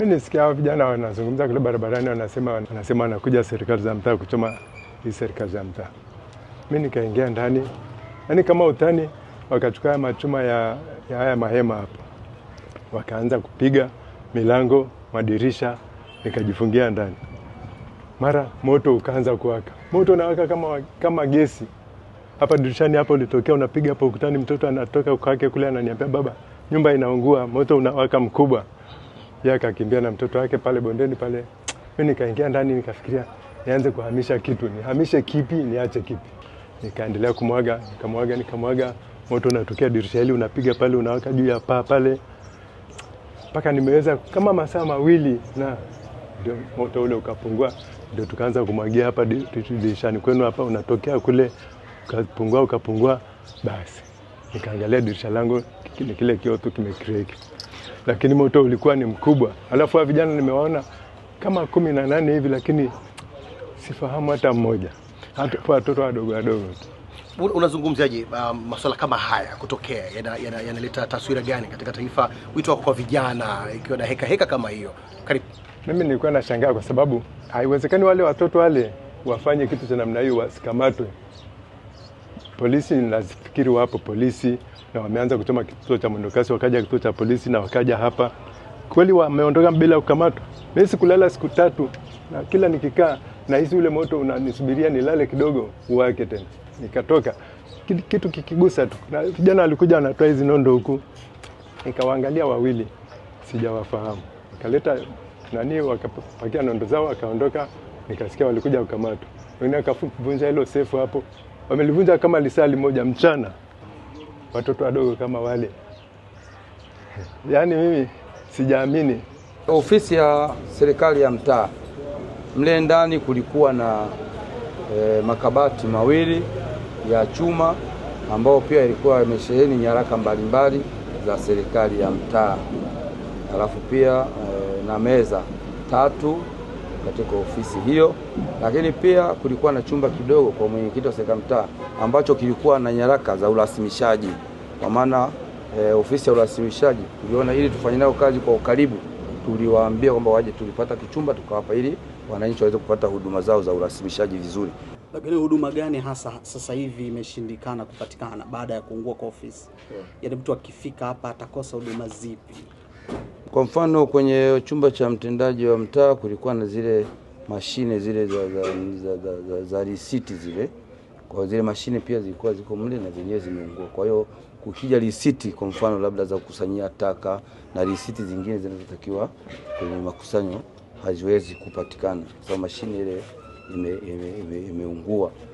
Mi nisikia hao vijana wanazungumza kule barabarani, wanasema wanasema wanakuja serikali za mtaa kuchoma hii serikali za mtaa. Mi nikaingia ndani, yaani kama utani, wakachukua machuma ya, ya haya mahema hapo, wakaanza kupiga milango, madirisha, nikajifungia ndani. Mara moto ukaanza kuwaka, moto unawaka kama, kama gesi hapa dirishani hapo ulitokea, unapiga hapo ukutani, mtoto anatoka kwake kule ananiambia, baba, nyumba inaungua, moto unawaka mkubwa yeye akakimbia na mtoto wake pale bondeni pale. Mimi nikaingia ndani nikafikiria nianze kuhamisha kitu, nihamishe kipi, niache kipi? Nikaendelea kumwaga, nikamwaga, nikamwaga, moto unatokea dirisha hili unapiga pale, unawaka juu ya paa pale, mpaka nimeweza kama masaa mawili, na ndio moto ule ukapungua, ndio tukaanza kumwagia hapa dirishani kwenu hapa, unatokea kule, ukapungua ukapungua. Basi nikaangalia dirisha langu, kile kioo tu kimekreaki lakini moto ulikuwa ni mkubwa. Alafu vijana nimewaona kama kumi na nane hivi, lakini sifahamu hata mmoja, hata watoto wadogo wadogo Unazungumziaje uh, um, masuala kama haya kutokea yanaleta yana, yana taswira gani katika taifa? Wito wako kwa vijana, ikiwa na heka heka kama hiyo. Karibu. Mimi nilikuwa nashangaa kwa sababu haiwezekani wale watoto wale wafanye kitu cha namna hiyo, wasikamatwe. Polisi, nafikiri wapo polisi na wameanza kuchoma kituo cha mwendokasi, wakaja kituo cha polisi na wakaja hapa. Kweli wameondoka bila kukamatwa. Mimi sikulala siku tatu, na kila nikikaa na hisi ule moto unanisubiria nilale kidogo uwake tena. Nikatoka kitu kikigusa tu, na vijana walikuja wanatoa hizi nondo huku, nikawaangalia wawili, sijawafahamu, nikaleta nani, wakapakia nondo zao wakaondoka. Nikasikia walikuja kukamatwa, wengine wakavunja hilo sefu hapo, wamelivunja kama lisali moja mchana watoto wadogo kama wale. Yaani mimi sijaamini. Ofisi ya serikali ya mtaa, mle ndani kulikuwa na e, makabati mawili ya chuma ambao pia ilikuwa imesheheni nyaraka mbalimbali za serikali ya mtaa, alafu pia e, na meza tatu katika ofisi hiyo, lakini pia kulikuwa na chumba kidogo kwa mwenyekiti wa serikali mtaa ambacho kilikuwa na nyaraka za urasimishaji kwa maana e, ofisi ya urasimishaji tuliona, ili tufanye nayo kazi kwa ukaribu, tuliwaambia kwamba waje, tulipata kichumba tukawapa, ili wananchi waweze kupata huduma zao za urasimishaji vizuri. Lakini huduma gani hasa sasa hivi imeshindikana kupatikana baada ya kuungua kwa ofisi? Yeah. Yaani mtu akifika hapa atakosa huduma zipi? Kwa mfano kwenye chumba cha mtendaji wa mtaa kulikuwa na zile mashine zile za, za, za, za, za, za risiti zile kwa zile mashine pia zilikuwa ziko mle na zenyewe zimeungua. Kwa hiyo kukija risiti kwa mfano labda za kukusanyia taka na risiti zingine zinazotakiwa kwenye makusanyo haziwezi kupatikana, kwa mashine ile imeungua ime, ime, ime